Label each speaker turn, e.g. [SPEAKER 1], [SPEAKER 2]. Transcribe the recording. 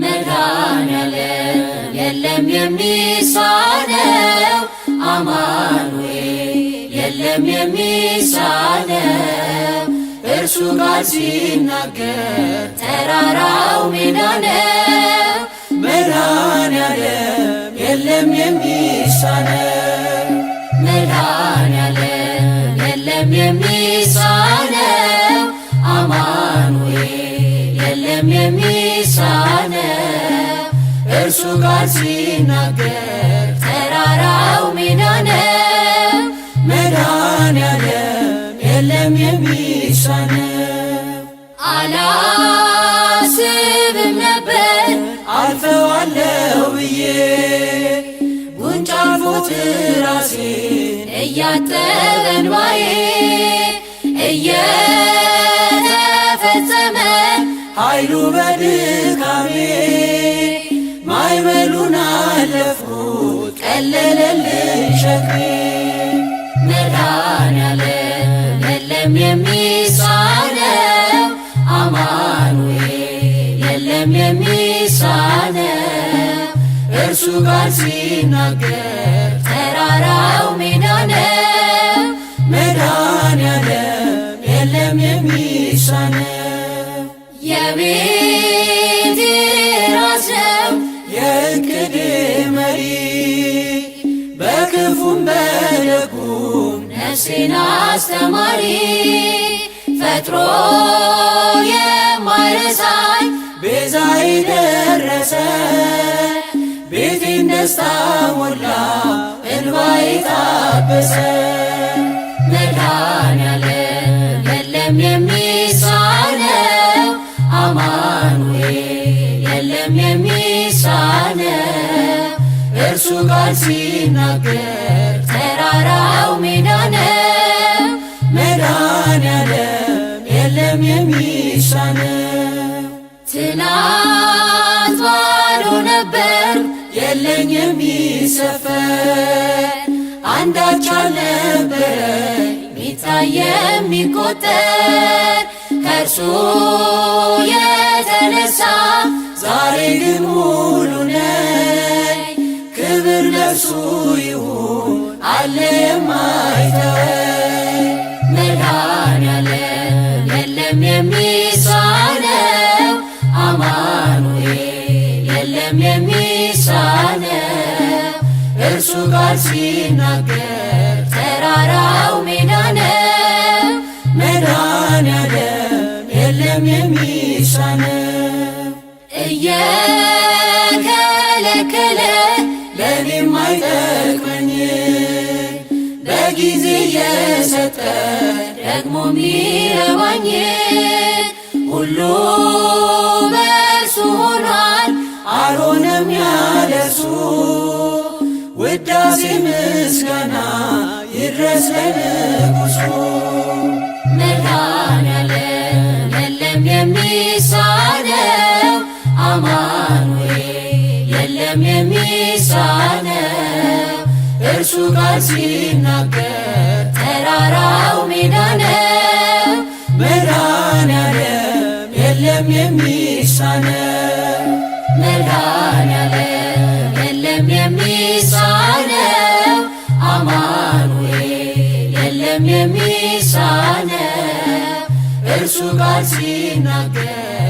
[SPEAKER 1] መድኃኔዓለም የለም የሚሳነው አማኑኤል የለም የሚሳነው እርሱ ሲናገር ተራራው ሜዳ ነው። መድኃኔዓለም የለም የሚሳነው መድኃኔዓለም የለም ከእርሱ ጋር ሲናገር ተራራው ሜዳ ነው። መድኃኔዓለም የለም የሚሳነው።
[SPEAKER 2] አላስብም ነበር አልፈዋለሁ ብዬ ጉንጫ ፎት ራሴን እያጠበ እንባዬ እየተፈጸመ ኃይሉ በድካሜ ማዕበሉን አለፉ ቀለለልን ሸክሜ
[SPEAKER 1] መድኃኔዓለም የለም የሚሳነው አማኑኤል የለም የሚሳነው እርሱ ጋር ሲናገር ተራራው ሜዳ ነው። መድኃኔዓለም የለም የሚሳነው
[SPEAKER 2] ትርጉም ነፍሴን አስተማሪ ፈጥሮ የማይረሳኝ ቤዛዬ ደረሰ ቤቴን ደስታ ሞላ እንባዬ ታበሰ
[SPEAKER 1] መድኃኔዓለም የለም የሚሳነው አማኑኤል የለም የሚሳነው እርሱ ቃል ሲናገር ተራራው ሜዳ ነው መድኃኔዓለም የለም የሚሳነው።
[SPEAKER 2] ትናንት ባዶ ነበር የለኝ የሚሰፈር አንዳች አልነበረ ሚታይ የሚቆጠር ከእርሱ የተነሳ ዛሬ ግን ሙሉ ነኝ ክብር ለእርሱ ይሁን አለ የማይተወን
[SPEAKER 1] መድኃኔዓለም የለም የሚሳነው አማኑኤል የለም የሚሳነው እርሱ ጋር ሲናገር ተራራው ሜዳ ነው። መድኃኔዓለም የለም የሚሳነው
[SPEAKER 2] እየከለከለ ለኔ ማይጠቅመ ጊዜ የሰጠ ደግሞ ሚረባኝ ሁሉ በእርሱ ሆኗል። አሮንም ያለሱ ውዳሴ ምስጋና ይድረስ ለንጉሱ
[SPEAKER 1] ሲናገር ተራራው ሜዳ ነው፣ መድኃኔዓለም የለም የሚሳነው፣ መድኃኔዓለም የለም የሚሳነው፣ አማኑኤል የለም የሚሳነው እርሱ ቃል ሲናገር